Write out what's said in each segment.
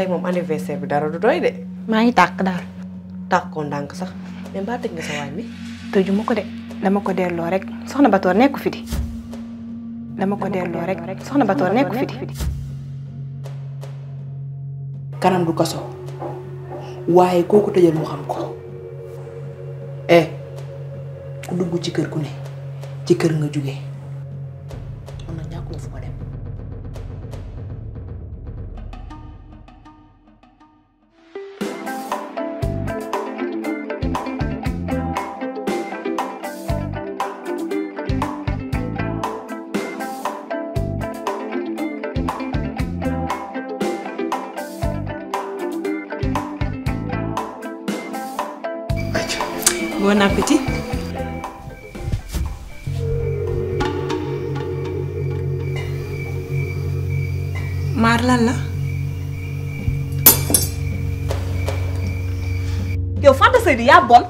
tay moom anniversaire bi dara du doy de. Ma, ngi dal Tak ko ndank sax même ba tek nga sa wañ bi. tëju ma mako de dama ko delo rek soxna bator neeku fi di. dama ko delo rek soxna bator neeku fi di. kanam du kasso waye koku tëjal mu xam ko. eh ku duggu ci kër ku ne ci kër nga jóge. man nag fu ko dem. Bon appétit. maar lan la. yow Fanta Seydi yaa bon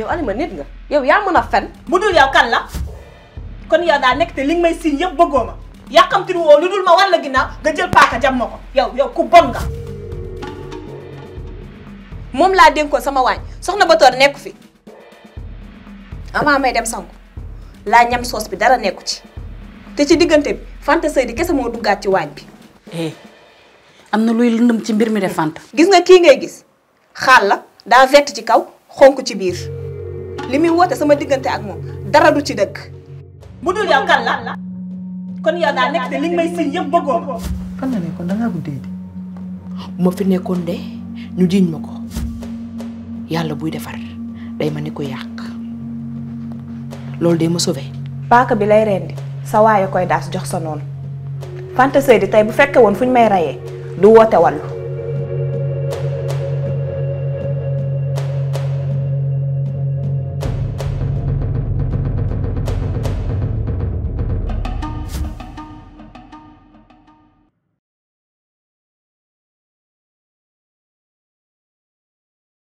yow Alima nit nga yow yaa mën a fen bu dul yow kan la kon yow daa nekk te li may siñ yëpp bëggoo ma yàqamti woo lu dul ma war la ginnaaw nga jël paaka jam ma ko yow yow ku bon nga. moom laa dénkoon sama waañ soxna Batoor nekku fi avant may dem sangu laa ñam soos bi dara nekku ci te ci diggante bi Fanta di kese moo duggaat ci waañ bi. Eh, am na luy lëndëm ci mbir mi de Fanta. gis nga kii ngay gis xaal la daa vett ci kaw xonk ci biir li muy woote sama diggante ak moom dara du ci dëkk. mu dul yow kan la kon yow daa nekk te li nga may siñ yëpp bëggoo ko. fan la nekkoon da ma fi nekkoon de ñu jiiñ ma ko yàlla buy defar day ma ni ko yàq. loolu de ma sauvé. paaka bi lay rendi sa waaye koy daas jox sa noonu fanta sëy di tey bu fekkee woon fu ñu may reyee du woote wàllu.